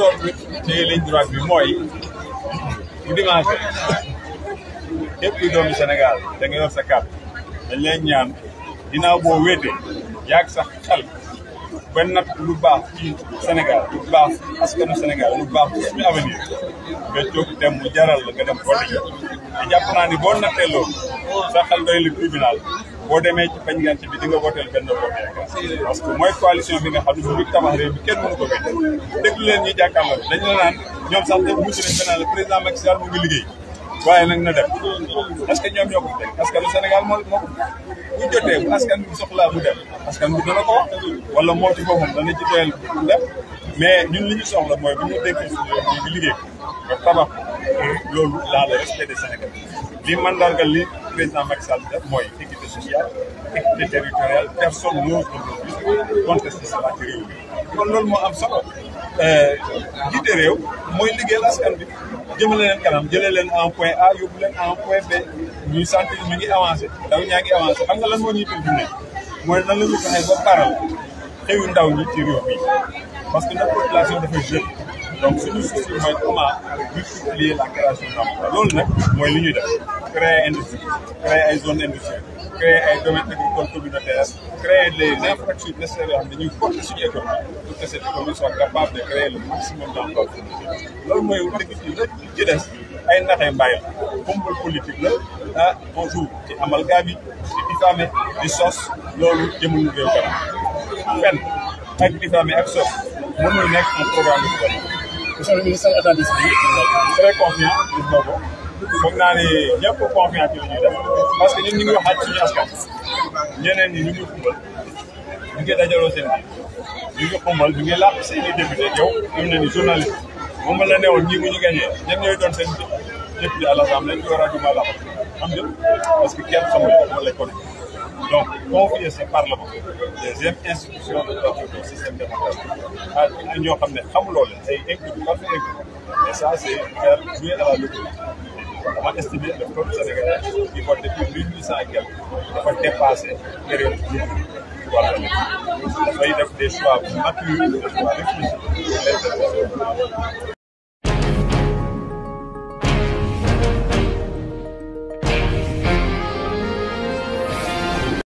toog ci ligne droite bi mooy bu dimanche képp kuy doomi Sénégal da nga yor sa carte dañ ñaan ginnaaw boo wéete yaag sax xel ba nat lu baax ci Sénégal lu baax askanu Sénégal lu baax suñu avenir nga jóg dem mu jaral la nga dem vote ji te naa ni boo nattee loolu sa xel doy li tribunal boo demee ci fañ gàncax bi di nga wooteel benn bopp parce que mooy coalition bi nga xam bu ñu tabax réew bi kenn mënu ko bañ déglu leen ñuy jàkkaarloo dañu naan ñoom def mucc nañ président Macky Sall mu ngi na dem parce que ñoom ñoo ko que le Sénégal moo moo bu jotee bu askan bi soxlaa mu ko wala mais ñun li ñu soxla mooy bu ñu déggee suñu yoon bi liggéey nga tabax loolu laa la respect des Sénégal li mandargal li président Macky def mooy sociale, équité territoriale personne n'ose aujourd'hui ci réew mi kon loolu moo am solo euh, jiite réew mooy liggéeyal askan bi jëmale leen kanam jële leen en point A yóbbu leen en point B ñuy santé ñu ngi avancé ndaw ñaa ngi avancé xam nga lan moo ñuy tënk ne mooy nan la ñu fexe ba paral xëyu ndaw ñi ci bi parce que notre population dafa jeune mooy comment loolu nag mooy li ñuy def créer industrie créer ay zones industrielles créer ay domaines agricoles communautaires créer les infrastructures nécessaires yoo xam ne dañuy porter suñu pour que cette économie capable de créer le maximum d'emplois loolu mooy agriculture ji des ay naxee mbaay la bombal politique la ah bonjour di amalgame yi di diffamé di sos loolu jëmul réew kanam fen ak diffamé ak sos moom mooy nekk un programme de gouvernement monsieur le ministre état d'esprit très foog naa ne ñëpp confiance la ñuy def parce que ñun ñu ngi waxaat suñu askan ñeneen ñi ñu ngi xumbal ñu ngi dajaloo seen biir ñu ngi xumbal ñu ngi làpp seen i député yow am na ni journaliste moom la newoon ñii bu ñu gañee ñen ñooy doon seen député à l'Assemblée ñu war a jumaa làpp jël parce que kenn xamul man la ko donc confier ce parlement deuxième institution de notre système démocratique ah ñoo xam ne xamuloo leen ay incultes parfaits et ça c'est faire jouer à dama estimer le peuple sénégalais qui vote depuis mille huit cent et quelques dafa dépassé période bi voilà dafay def des choix matures des choix réfléchis